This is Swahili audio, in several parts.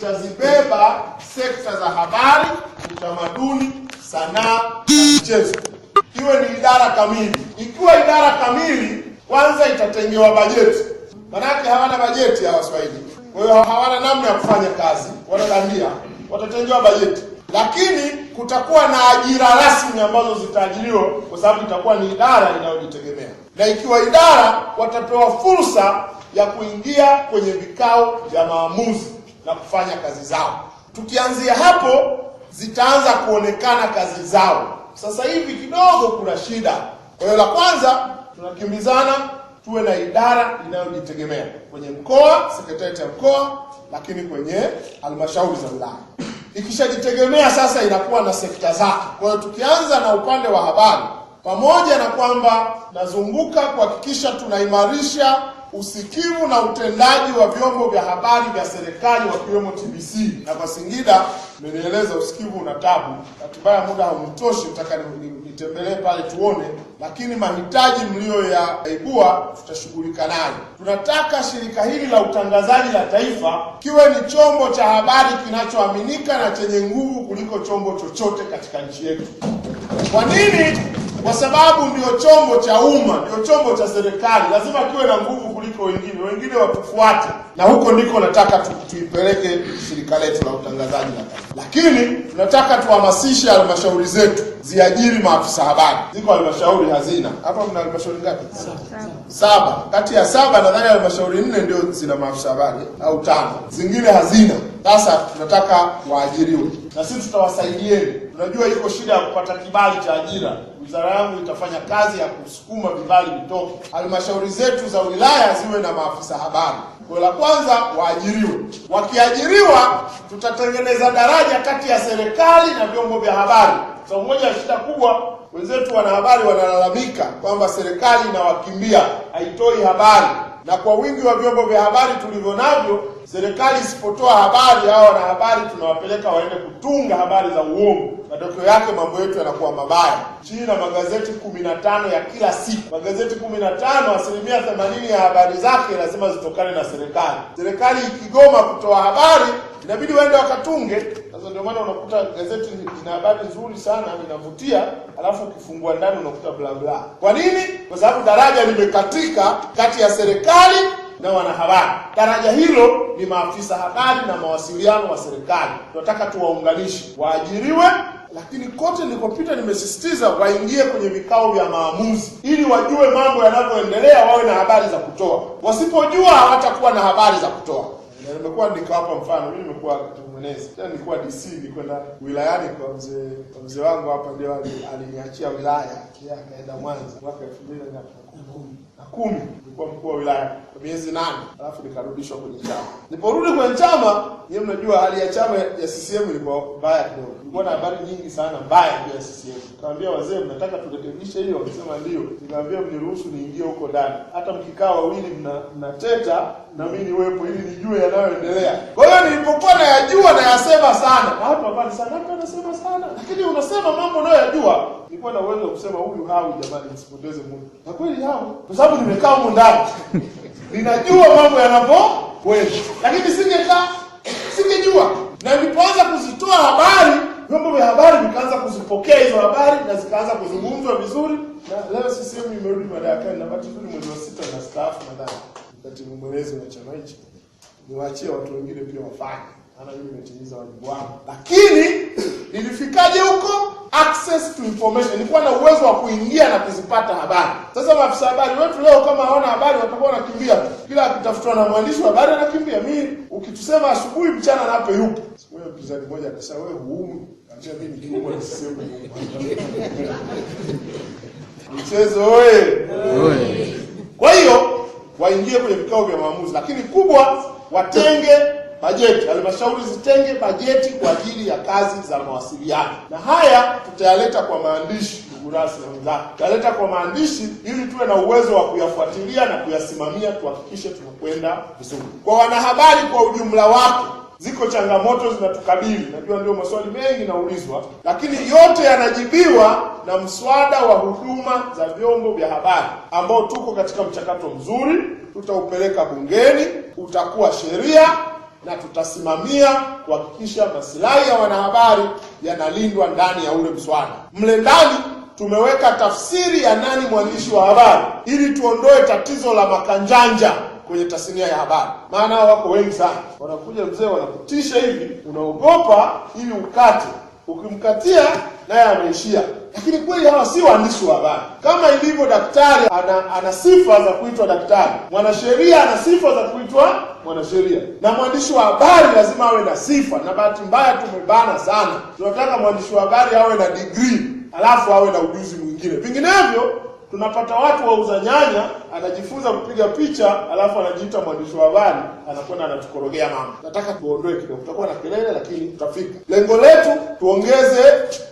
tutazibeba sekta za habari, utamaduni, sanaa na michezo, iwe ni idara kamili. Ikiwa idara kamili, kwanza itatengewa bajeti, manake hawana bajeti ya Waswahili. kwa hiyo hawana namna ya kufanya kazi, wanadandia, watatengewa bajeti lakini kutakuwa na ajira rasmi ambazo zitaajiriwa kwa sababu itakuwa ni idara inayojitegemea, na ikiwa idara watapewa fursa ya kuingia kwenye vikao vya maamuzi na kufanya kazi zao. Tukianzia hapo, zitaanza kuonekana kazi zao. Sasa hivi kidogo kuna shida. Kwa hiyo la kwanza, tunakimbizana tuwe na idara inayojitegemea kwenye mkoa, sekretarieti ya mkoa, lakini kwenye halmashauri za wilaya. Ikishajitegemea sasa, inakuwa na sekta zake. Kwa hiyo tukianza na upande wa habari, pamoja na kwamba nazunguka kuhakikisha tunaimarisha usikivu na utendaji wa vyombo vya habari vya serikali wakiwemo TBC. Na kwa Singida mmenieleza usikivu una tabu, hatimaye muda haumtoshi, nataka nitembelee pale tuone, lakini mahitaji mliyoyaibua tutashughulika nayo. Tunataka shirika hili la utangazaji la taifa kiwe ni chombo cha habari kinachoaminika na chenye nguvu kuliko chombo chochote katika nchi yetu. Kwa nini? Kwa sababu ndio chombo cha umma, ndio chombo cha serikali, lazima kiwe na nguvu kuliko wengine, wengine wakufuate, na huko ndiko nataka tu, tuipeleke shirika letu la utangazaji na taifa. Lakini tunataka tuhamasishe halmashauri zetu ziajiri maafisa habari. Ziko halmashauri hazina. Hapa mna halmashauri ngapi? Saba. Kati ya saba nadhani halmashauri nne ndio zina maafisa habari au tano, zingine hazina. Sasa tunataka waajiriwe, na sisi tutawasaidieni. Tunajua iko shida ya kupata kibali cha ajira wizara yangu itafanya kazi ya kusukuma vibali vitoke. Halmashauri zetu za wilaya ziwe na maafisa habari. Kwa la kwanza waajiriwe, wakiajiriwa tutatengeneza daraja kati ya serikali na vyombo vya habari. So moja ya shida kubwa, wenzetu wanahabari wanalalamika kwamba serikali inawakimbia, haitoi habari na kwa wingi wa vyombo vya habari tulivyo navyo, serikali isipotoa habari, hao habari tunawapeleka waende kutunga habari za uongo. Matokeo yake mambo yetu yanakuwa mabaya. Chini na magazeti 15 ya kila siku, magazeti 15, asilimia 80 ya habari zake lazima zitokane na serikali. Serikali ikigoma kutoa habari, inabidi waende wakatunge sasa ndio maana unakuta gazeti lina habari nzuri sana linavutia alafu ukifungua ndani unakuta bla bla. Kwa nini? Kwa sababu daraja limekatika kati ya serikali na wanahabari. Daraja hilo ni maafisa habari na mawasiliano wa serikali. Tunataka tuwaunganishe, waajiriwe lakini kote nilikopita nimesisitiza waingie kwenye vikao vya maamuzi ili wajue mambo yanavyoendelea, wawe na habari za kutoa. Wasipojua hawatakuwa na habari za kutoa na nimekuwa nikawapa mfano, mimi nimekuwa mwenezi tena, nilikuwa DC, nilikwenda wilayani kwa mzee kwa mzee wangu hapa, ndio aliniachia wilaya, akaenda Mwanza mwaka elfu mbili na kumi, nilikuwa mkuu wa wilaya miezi nane, alafu nikarudishwa kwenye chama. Niporudi kwenye chama, yeye, mnajua hali ya chama ya CCM ilikuwa mbaya kidogo, ilikuwa na habari nyingi sana mbaya juu ya CCM. Nikamwambia wazee, mnataka turekebishe hiyo? Wamesema ndio. Nikamwambia mniruhusu niingie huko ndani, hata mkikaa wawili mnateta na mimi niwepo, ili nijue yanayoendelea. Kwa hiyo nilipokuwa nayajua nayasema sana, na watu wabali sana, hata wanasema sana, lakini unasema mambo unayoyajua nilikuwa na uwezo wa kusema huyu hawi, jamani, msipoteze muda, na kweli hawi, kwa sababu nimekaa huko ndani ninajua mambo yanavyokwenda, lakini singekaa, singejua. Na nilipoanza kuzitoa habari, vyombo vya habari vikaanza kuzipokea hizo habari na zikaanza kuzungumzwa vizuri, na leo CCM imerudi madarakani, na bahati nzuri mwezi wa sita na staafu nadhani, katibu mwenezi wa chama hichi, niwaachie watu wengine pia wafanye, maana mimi nimetimiza wajibu wangu, lakini ilifikaje access to information, ni na uwezo wa kuingia na kuzipata habari. Sasa maafisa habari wetu leo kama hawana habari watakuwa wanakimbia kila akitafutwa na mwandishi wa habari anakimbia. Mimi ukitusema asubuhi, mchana na hapo yupo. Wewe mpinzani mmoja akasema wewe huumu, acha mimi nikiumwa nisiseme mchezo wewe. Kwa hiyo waingie kwenye vikao vya maamuzi, lakini kubwa watenge bajeti, halmashauri zitenge bajeti kwa ajili ya kazi za mawasiliano, na haya tutayaleta kwa maandishi, ndugu rasmi wenzangu, kwa maandishi ili tuwe na uwezo wa kuyafuatilia na kuyasimamia, tuhakikishe tunakwenda vizuri. Kwa wanahabari kwa ujumla wake, ziko changamoto zinatukabili, najua ndio maswali mengi naulizwa, lakini yote yanajibiwa na mswada wa huduma za vyombo vya habari ambao tuko katika mchakato mzuri, tutaupeleka bungeni, utakuwa sheria na tutasimamia kuhakikisha masilahi ya wanahabari yanalindwa ndani ya ule mswada. Mle ndani tumeweka tafsiri ya nani mwandishi wa habari, ili tuondoe tatizo la makanjanja kwenye tasnia ya habari, maana wako wengi sana, wanakuja mzee, wanakutisha hivi, unaogopa ili ukate, ukimkatia naye ameishia lakini kweli hawa si waandishi wa habari. Kama ilivyo daktari ana, ana sifa za kuitwa daktari, mwanasheria ana sifa za kuitwa mwanasheria, na mwandishi wa habari lazima awe na sifa. Na bahati mbaya tumebana sana, tunataka mwandishi wa habari awe na degree alafu awe na ujuzi mwingine, vinginevyo tunapata watu wauza nyanya, anajifunza kupiga picha, alafu anajiita mwandishi wa habari, anakwenda anatukorogea mama. Nataka tuondoe kidogo, tutakuwa na kelele, lakini tutafika lengo letu. Tuongeze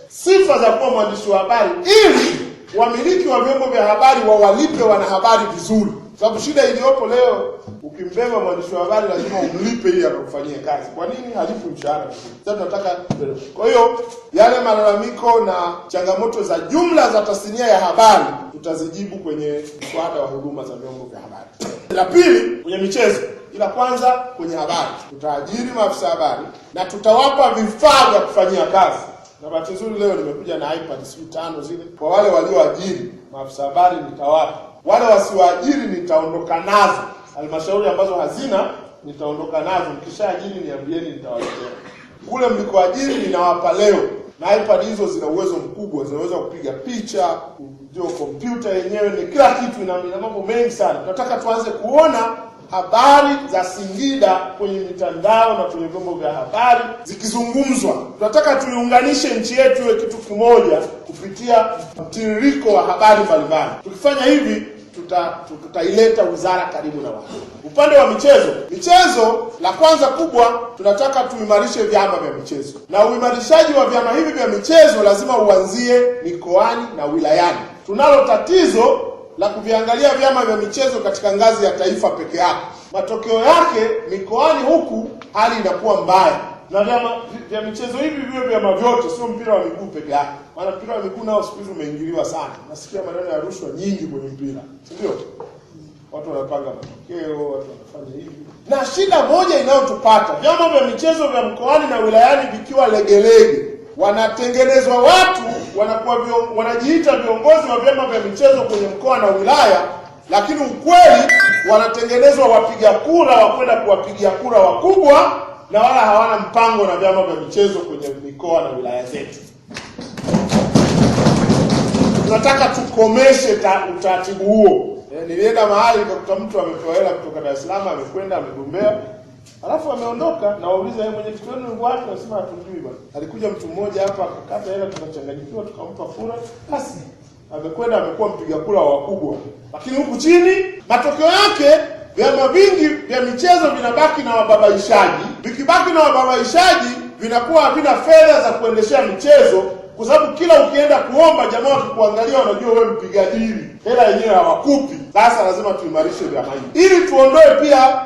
sifa za kuwa mwandishi wa habari ili wamiliki wa vyombo vya habari wawalipe wanahabari vizuri. Sababu shida iliyopo leo, ukimbeba mwandishi wa habari lazima umlipe ili akakufanyie kazi. Kwa nini halipu mshahara? Sasa tunataka. Kwa hiyo yale malalamiko na changamoto za jumla za tasnia ya habari tutazijibu kwenye mswada wa huduma za vyombo vya habari. La pili kwenye michezo, ila kwanza kwenye habari, tutaajiri maafisa habari na tutawapa vifaa vya kufanyia kazi. Na bahati nzuri leo nimekuja na iPad sijui tano zile kwa wale walioajiri maafisa habari nitawapa wale wasioajiri nitaondoka nazo, halmashauri ambazo hazina nitaondoka nazo, mkishaajiri niambieni, nitawaletea. Kule mlikoajiri ninawapa leo, na iPad hizo zina uwezo mkubwa, zinaweza kupiga picha, ndio kompyuta yenyewe, ni kila kitu, ina mambo mengi sana. Tunataka tuanze kuona habari za Singida kwenye mitandao na kwenye vyombo vya habari zikizungumzwa. Tunataka tuiunganishe nchi yetu iwe kitu kimoja kupitia mtiririko wa habari mbalimbali. Tukifanya hivi tutaileta tuta wizara karibu na watu. Upande wa michezo, michezo la kwanza kubwa, tunataka tuimarishe vyama vya michezo, na uimarishaji wa vyama hivi vya michezo lazima uanzie mikoani na wilayani. Tunalo tatizo la kuviangalia vyama vya michezo katika ngazi ya taifa peke yake. Matokeo yake mikoani huku hali inakuwa mbaya, na vyama vya michezo hivi viwe vyama vyote, sio mpira wa miguu peke yake, maana mpira wa miguu nao siku hizi umeingiliwa sana. Nasikia maneno ya rushwa nyingi kwenye mpira, si ndio? Watu wanapanga matokeo, watu wanafanya hivi. Na shida moja inayotupata vyama vya michezo vya mkoani na wilayani vikiwa legelege, wanatengenezwa watu wanakuwa wanajiita viongozi wa vyama vya michezo kwenye mkoa na wilaya, lakini ukweli wanatengenezwa wapiga kura wa kwenda kuwapigia kura wakubwa, na wala hawana mpango na vyama vya michezo kwenye mikoa na wilaya zetu. Tunataka tukomeshe utaratibu huo. Eh, nilienda mahali nikakuta mtu amepewa hela kutoka Dar es Salaam, amekwenda amegombea Alafu ameondoka na wauliza yeye mwenye kitu wenu wapi, anasema hatujui bwana. Alikuja mtu mmoja hapa akakata hela tukachanganyikiwa tukampa kura. Basi amekwenda amekuwa mpiga kura wa wakubwa. Lakini huku chini matokeo yake vyama vingi vya michezo vinabaki na wababaishaji. Vikibaki na wababaishaji vinakuwa havina fedha za kuendeshea michezo kwa sababu kila ukienda kuomba jamaa wakikuangalia wanajua wewe mpiga dili. Hela yenyewe hawakupi. Sasa lazima tuimarishe vyama hivi ili tuondoe pia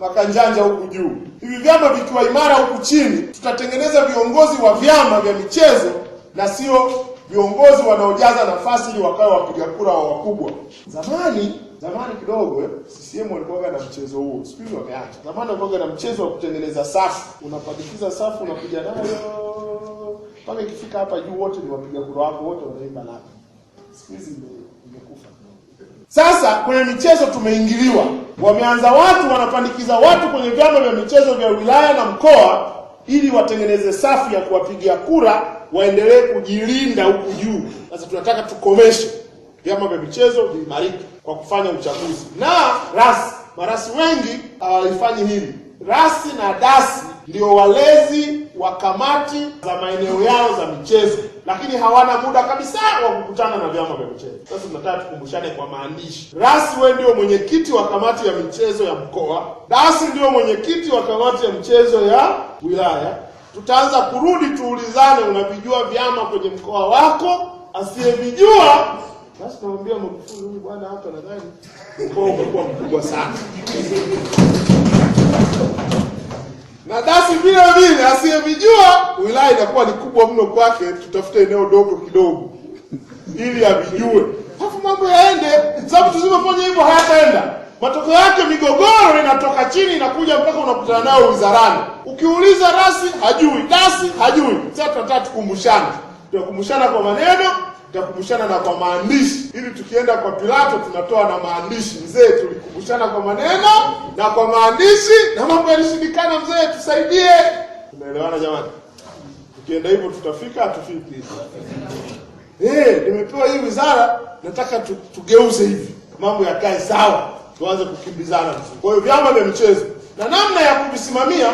makanjanja huku juu. Hivi vyama vikiwa imara huku chini, tutatengeneza viongozi wa vyama vya michezo na sio viongozi wanaojaza nafasi ili wakawe wapiga kura wa wakubwa. Zamani zamani kidogo CCM walikuwa na mchezo huo, siku hizi wameacha. Zamani walikuwa na mchezo wa kutengeneza safu, unapandikiza safu, unapiga nayo mpaka ikifika hapa juu, wote ni wapiga kura wako, wote wanaimba lapi. Siku hizi imekufa. Sasa kwenye michezo tumeingiliwa, wameanza watu wanapandikiza watu kwenye vyama vya michezo vya wilaya na mkoa, ili watengeneze safu ya kuwapigia kura waendelee kujilinda huku juu. Sasa tunataka tukomeshe vyama vya michezo viimarike kwa kufanya uchaguzi na rasi. Marasi wengi hawalifanyi hili. Rasi na dasi ndio walezi wa kamati za maeneo yao za michezo lakini hawana muda kabisa wa kukutana na vyama vya michezo. Sasa tunataka tukumbushane kwa maandishi. Rasi, wewe ndio mwenyekiti wa kamati ya michezo ya mkoa, Dasi ndio mwenyekiti wa kamati ya michezo ya wilaya. Tutaanza kurudi tuulizane, unavijua vyama kwenye mkoa wako? Asiyevijua basi nawambia Magufuli, huyu bwana hapa nadhani mkoa umekuwa mkubwa sana na dasi vile vile asiyevijua, wilaya inakuwa ni kubwa mno kwake, tutafute eneo dogo kidogo ili avijue, alafu mambo yaende, sababu tusivyofanya hivyo hayataenda. Matokeo yake migogoro inatoka chini inakuja mpaka unakutana nao wizarani, ukiuliza rasi hajui, dasi hajui. Sasa tunataka tukumbushana, tunakumbushana kwa maneno tutakumbushana na kwa maandishi, ili tukienda kwa Pilato tunatoa na maandishi. Mzee, tulikumbushana kwa maneno na kwa maandishi, na mambo yalishindikana. Mzee, tusaidie. Tunaelewana jamani? Tukienda hivyo tutafika, hatufiki. Eh, nimepewa hii wizara, nataka tu, tugeuze hivi mambo yakae sawa, tuanze kukimbizana vizuri. Kwa hiyo vyama vya michezo na namna ya kuvisimamia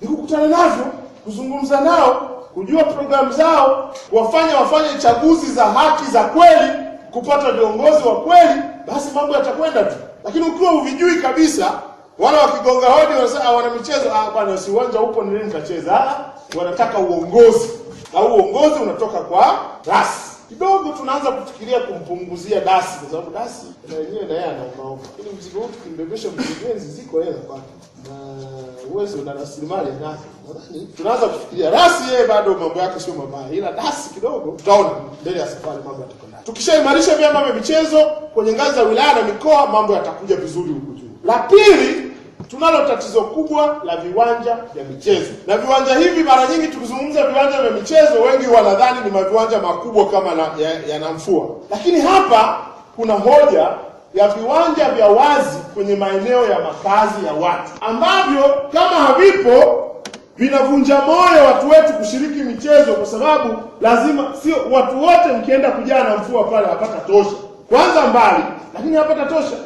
ni kukutana navyo, kuzungumza nao kujua programu zao, wafanya wafanye chaguzi za haki za kweli, kupata viongozi wa kweli, basi mambo yatakwenda tu. Lakini ukiwa huvijui kabisa, wala wakigonga hodi wanasema ah, wana michezo, ah bwana, si uwanja upo, ni nini nitacheza? Ah, wanataka uongozi, na uongozi unatoka kwa rasi kidogo tunaanza kufikiria kumpunguzia dasi, kwa sababu dasi na yenyewe na yeye anaomaoma, ili mzigo huu tukimbebesha mkurugenzi, ziko hela kwake na uwezo na rasilimali anazo, nadhani tunaanza kufikiria rasi. Yeye bado mambo yake sio mabaya, ila dasi kidogo tutaona mbele ya safari mambo yatakwenda. Tukishaimarisha vyama vya michezo kwenye ngazi za wilaya na mikoa, mambo yatakuja vizuri huku juu. La pili tunalo tatizo kubwa la viwanja vya michezo, na viwanja hivi mara nyingi tukizungumza viwanja vya michezo, wengi wanadhani ni maviwanja makubwa kama na, ya, ya Namfua, lakini hapa kuna hoja ya viwanja vya wazi kwenye maeneo ya makazi ya watu ambavyo kama havipo vinavunja moyo watu wetu kushiriki michezo, kwa sababu lazima, sio watu wote mkienda kujaa Namfua pale hapata tosha, kwanza mbali, lakini hapata tosha.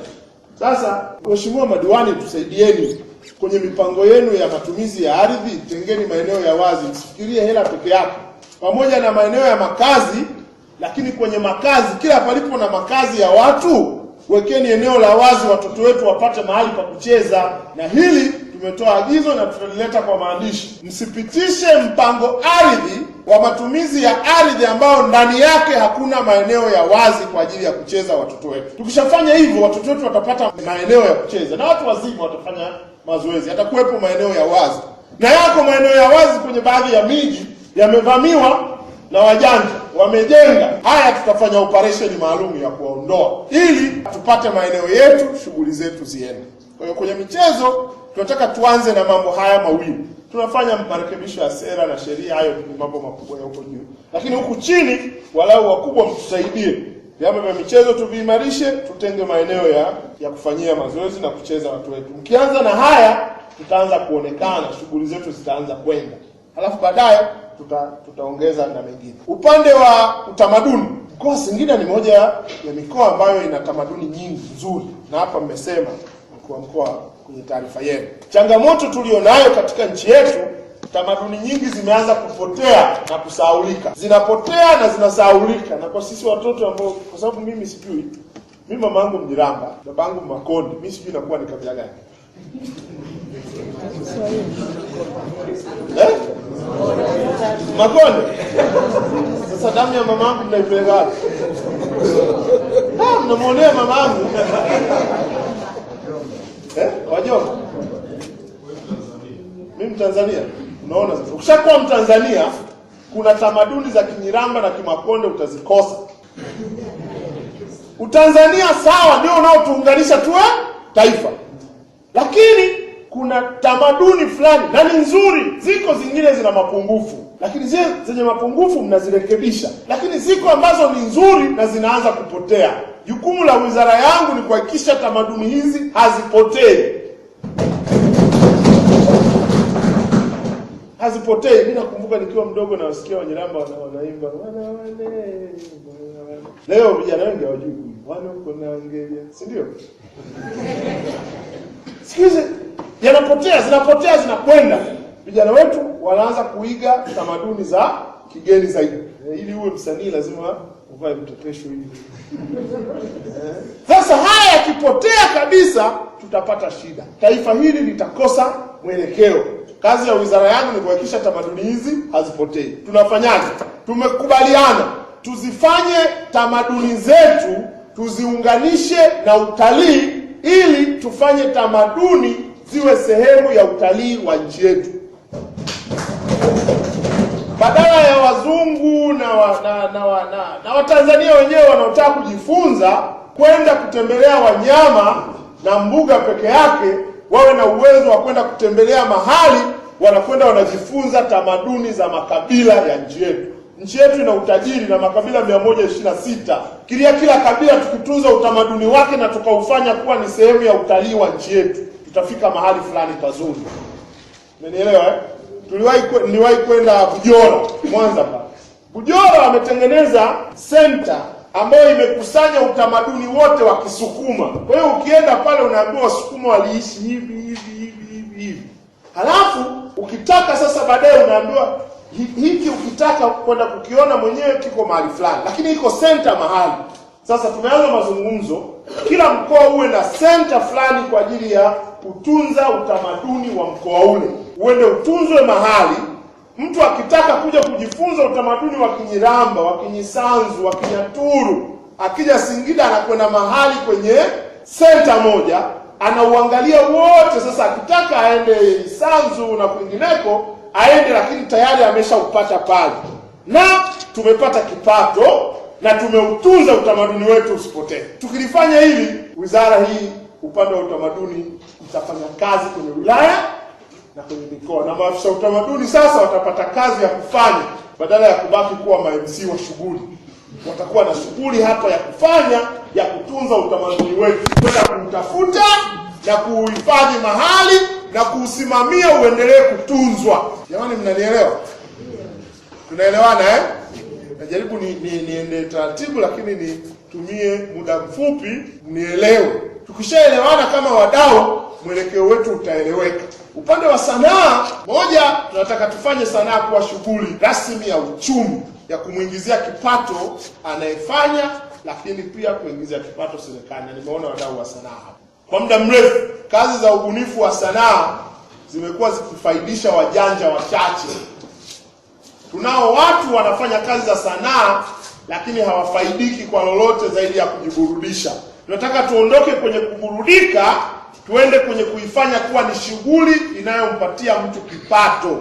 Sasa mheshimiwa madiwani, tusaidieni kwenye mipango yenu ya matumizi ya ardhi, tengeni maeneo ya wazi, msifikirie hela peke yake, pamoja na maeneo ya makazi. Lakini kwenye makazi, kila palipo na makazi ya watu, wekeni eneo la wazi, watoto wetu wapate mahali pa kucheza. Na hili tumetoa agizo na tutalileta kwa maandishi, msipitishe mpango ardhi wa matumizi ya ardhi ambayo ndani yake hakuna maeneo ya wazi kwa ajili ya kucheza watoto wetu. Tukishafanya hivyo, watoto wetu watapata maeneo ya kucheza na watu wazima watafanya mazoezi, yatakuwepo maeneo ya wazi, na yako maeneo ya wazi kwenye baadhi ya miji yamevamiwa na wajanja wamejenga haya. Tutafanya operesheni maalum ya kuwaondoa ili tupate maeneo yetu, shughuli zetu ziende. Kwa hiyo kwenye michezo tunataka tuanze na mambo haya mawili tunafanya marekebisho ya sera na sheria, hayo mambo makubwa ya huko juu, lakini huku chini walau wakubwa mtusaidie. Vyama vya michezo tuviimarishe, tutenge maeneo ya ya kufanyia mazoezi na kucheza watu wetu. Mkianza na haya, tutaanza kuonekana, shughuli zetu zitaanza kwenda, halafu baadaye tuta, tutaongeza na mengine. Upande wa utamaduni, mkoa Singida ni moja ya mikoa ambayo ina tamaduni nyingi nzuri, na hapa mmesema mkuu wa mkoa kwenye taarifa yenu. Changamoto tuliyonayo katika nchi yetu, tamaduni nyingi zimeanza kupotea na kusahaulika, zinapotea na zinasahaulika. Na kwa sisi watoto ambao, kwa sababu mimi sijui, mimi mama yangu Mjiramba, baba yangu Makonde, mimi sijui nakuwa ni kabila gani eh? Makonde. Sasa damu ya mamangu mnaipeleka wapi? Ah, mnamwonea mamangu eh, wajua mi Mtanzania. Unaona ukishakuwa Mtanzania kuna tamaduni za Kinyiramba na Kimakonde utazikosa. Utanzania sawa, ndio unaotuunganisha tuwe taifa, lakini kuna tamaduni fulani na ni nzuri, ziko zingine zina mapungufu lakini zile zenye mapungufu mnazirekebisha, lakini ziko ambazo ni nzuri na zinaanza kupotea. Jukumu la wizara yangu ni kuhakikisha tamaduni hizi hazipotei, hazipotei. Mi nakumbuka nikiwa mdogo nawasikia Wanyiramba wanaimba wana wane. Leo vijana wengi hawajui wanakonangeja, si ndio? Siku hizi yanapotea, zinapotea, zinakwenda vijana wetu wanaanza kuiga tamaduni za kigeni zaidi. Eh, ili uwe msanii lazima uvae mtepesho hivi. Eh. Sasa haya yakipotea kabisa, tutapata shida, taifa hili litakosa mwelekeo. Kazi ya wizara yangu ni kuhakikisha tamaduni hizi hazipotei. Tunafanyaje? Tumekubaliana tuzifanye tamaduni zetu, tuziunganishe na utalii, ili tufanye tamaduni ziwe sehemu ya utalii wa nchi yetu badala ya wazungu na wa, na, na, na, na, na Watanzania wenyewe wanaotaka kujifunza kwenda kutembelea wanyama na mbuga peke yake, wawe na uwezo wa kwenda kutembelea mahali wanakwenda wanajifunza tamaduni za makabila ya nchi yetu. Nchi yetu ina utajiri na makabila 126 kilia, kila kabila tukitunza utamaduni wake na tukaufanya kuwa ni sehemu ya utalii wa nchi yetu, tutafika mahali fulani pazuri. Umenielewa eh? tuliwahi niliwahi kwenda Bujora, Mwanza pale. Bujora wametengeneza senta ambayo imekusanya utamaduni wote wa Kisukuma. Kwa hiyo ukienda pale unaambiwa Wasukuma waliishi hivi hivi hivi hivi hivi. Halafu ukitaka sasa baadaye unaambiwa hiki, ukitaka kwenda kukiona mwenyewe kiko mahali fulani, lakini iko senta mahali sasa tumeanza mazungumzo, kila mkoa uwe na senta fulani kwa ajili ya kutunza utamaduni wa mkoa ule, uende utunzwe mahali mtu akitaka kuja kujifunza utamaduni wa Kinyiramba, wa Kinyisanzu, wa Kinyaturu, akija Singida anakwenda mahali kwenye senta moja, anauangalia wote. Sasa akitaka aende Isanzu na kwingineko aende, lakini tayari ameshaupata pale na tumepata kipato na tumeutunza utamaduni wetu usipotee. Tukilifanya hili, wizara hii upande wa utamaduni itafanya kazi kwenye wilaya na kwenye mikoa, na maafisa utamaduni sasa watapata kazi ya kufanya badala ya kubaki kuwa ma-MC wa shughuli. Watakuwa na shughuli hapa ya kufanya ya kutunza utamaduni wetu, kwenda kuutafuta na kuuhifadhi mahali na kuusimamia uendelee kutunzwa. Jamani, mnanielewa? Tunaelewana eh? najaribu ni, ni, niende taratibu, lakini nitumie muda mfupi mnielewe. Tukishaelewana kama wadau, mwelekeo wetu utaeleweka. Upande wa sanaa, moja, tunataka tufanye sanaa kuwa shughuli rasmi ya uchumi ya kumwingizia kipato anayefanya, lakini pia kuingizia kipato serikali, na nimeona wadau wa sanaa hapa. kwa muda mrefu. Kazi za ubunifu wa sanaa zimekuwa zikifaidisha wajanja wachache. Tunao watu wanafanya kazi za sanaa lakini hawafaidiki kwa lolote zaidi ya kujiburudisha. Tunataka tuondoke kwenye kuburudika, tuende kwenye kuifanya kuwa ni shughuli inayompatia mtu kipato.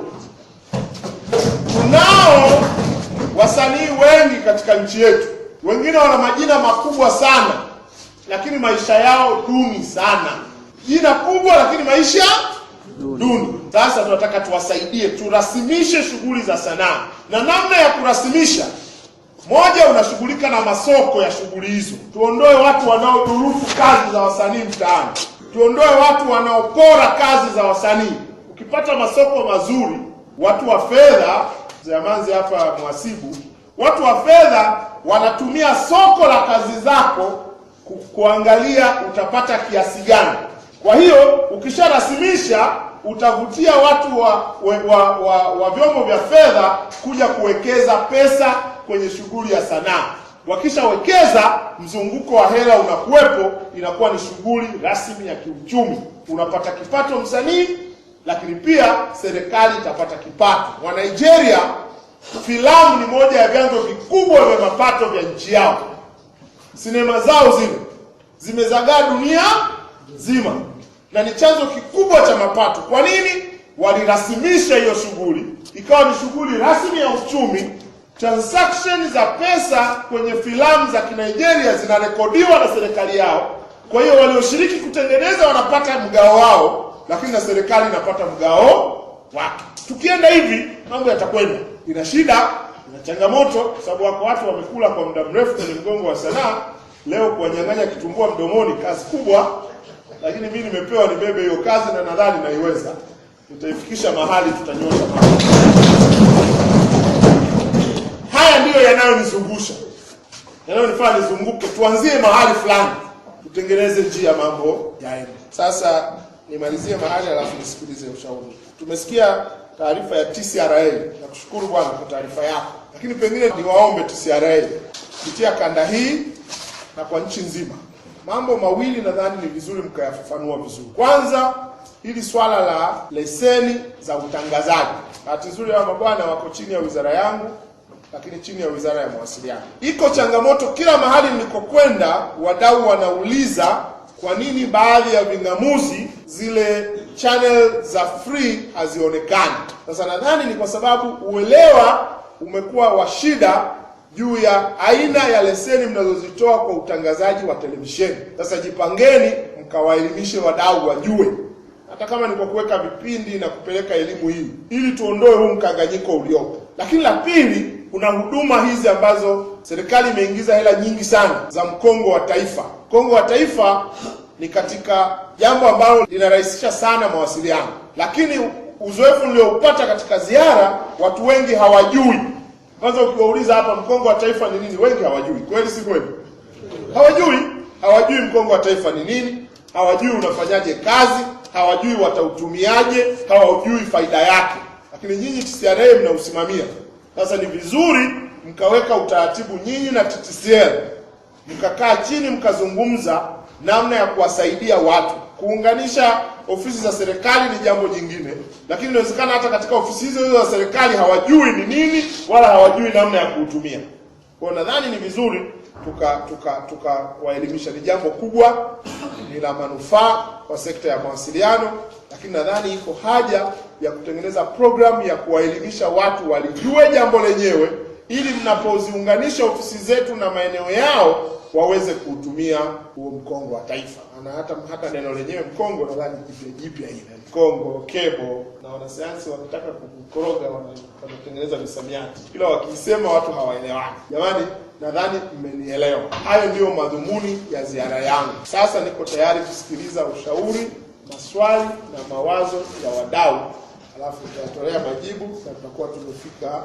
Tunao wasanii wengi katika nchi yetu, wengine wana majina makubwa sana, lakini maisha yao duni sana. Jina kubwa, lakini maisha duni. Sasa tunataka tuwasaidie, turasimishe shughuli za sanaa, na namna ya kurasimisha moja, unashughulika na masoko ya shughuli hizo. Tuondoe watu wanaodurufu kazi za wasanii mtaani, tuondoe watu wanaopora kazi za wasanii. Ukipata masoko mazuri, watu wa fedha, Manzi hapa mwasibu, watu wa fedha wanatumia soko la kazi zako kuangalia utapata kiasi gani. Kwa hiyo ukisharasimisha utavutia watu wa, wa, wa, wa vyombo vya fedha kuja kuwekeza pesa kwenye shughuli ya sanaa. Wakishawekeza, mzunguko wa hela unakuwepo, inakuwa ni shughuli rasmi ya kiuchumi. Unapata kipato msanii, lakini pia serikali itapata kipato. Wa Nigeria, filamu ni moja ya vyanzo vikubwa vya mapato vya nchi yao. Sinema zao zile zimezagaa dunia nzima na ni chanzo kikubwa cha mapato. Kwa nini? Walirasimisha hiyo shughuli, ikawa ni shughuli rasmi ya uchumi. Transaction za pesa kwenye filamu za Kinigeria zinarekodiwa na serikali yao, kwa hiyo walioshiriki kutengeneza wanapata mgao wao, lakini na serikali inapata mgao wake. Tukienda hivi mambo yatakwenda, ina shida, ina changamoto, kwa sababu wako watu wamekula kwa muda mrefu kwenye mgongo wa sanaa. Leo kuwanyang'anya kitumbua mdomoni, kazi kubwa lakini mimi nimepewa nibebe hiyo kazi na nadhani naiweza. Tutaifikisha mahali tutanyosha mahali. Haya ndiyo yanayonizungusha, yanayonifanya nizunguke. Tuanzie mahali fulani, tutengeneze njia, mambo yaende. Sasa nimalizie mahali alafu nisikilize ushauri. Tumesikia taarifa ya TCRA na kushukuru bwana kwa taarifa yako, lakini pengine niwaombe TCRA kupitia kanda hii na kwa nchi nzima Mambo mawili nadhani ni vizuri mkayafafanua vizuri. Kwanza, hili swala la leseni za utangazaji. Bahati nzuri hawa mabwana wako chini ya wizara yangu, lakini chini ya wizara ya mawasiliano. Iko changamoto kila mahali nilikokwenda, wadau wanauliza kwa nini baadhi ya ving'amuzi zile channel za free hazionekani. Sasa nadhani ni kwa sababu uelewa umekuwa wa shida juu ya aina ya leseni mnazozitoa kwa utangazaji wa televisheni. Sasa jipangeni mkawaelimishe wadau wajue, hata kama ni kwa kuweka vipindi na kupeleka elimu hii, ili tuondoe huu mkanganyiko uliopo. Lakini la pili, kuna huduma hizi ambazo serikali imeingiza hela nyingi sana za mkongo wa taifa. Mkongo wa taifa ni katika jambo ambalo linarahisisha sana mawasiliano, lakini uzoefu nilioupata katika ziara, watu wengi hawajui kwanza ukiwauliza hapa mkongo wa taifa ni nini, wengi hawajui. Kweli si kweli? Hawajui, hawajui mkongo wa taifa ni nini, hawajui unafanyaje kazi, hawajui watautumiaje, hawajui faida yake. Lakini nyinyi TCRA mnausimamia. Sasa ni vizuri mkaweka utaratibu nyinyi na TTCL mkakaa chini mkazungumza namna ya kuwasaidia watu. Kuunganisha ofisi za serikali ni jambo jingine, lakini inawezekana hata katika ofisi hizo hizo za serikali hawajui ni nini wala hawajui namna ya kuhutumia. Kwa nadhani ni vizuri tuka tuka tukawaelimisha. Ni jambo kubwa, ni la manufaa kwa sekta ya mawasiliano, lakini nadhani iko haja ya kutengeneza programu ya kuwaelimisha watu walijue jambo lenyewe, ili mnapoziunganisha ofisi zetu na maeneo yao waweze kuutumia huo mkongo wa taifa. na hata hata neno lenyewe mkongo, nadhani jipya jipya ile mkongo kebo, na wanasayansi wakitaka kukoroga wanatengeneza misamiati, kila wakisema watu hawaelewani. Jamani, nadhani mmenielewa. Hayo ndiyo madhumuni ya ziara yangu. Sasa niko tayari kusikiliza ushauri, maswali na mawazo ya wadau, alafu tutatolea majibu na tutakuwa tumefika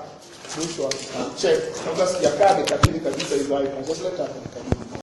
mwisho wa check kabla sijakaa nikabili kabisa hizo icons. What's that happening?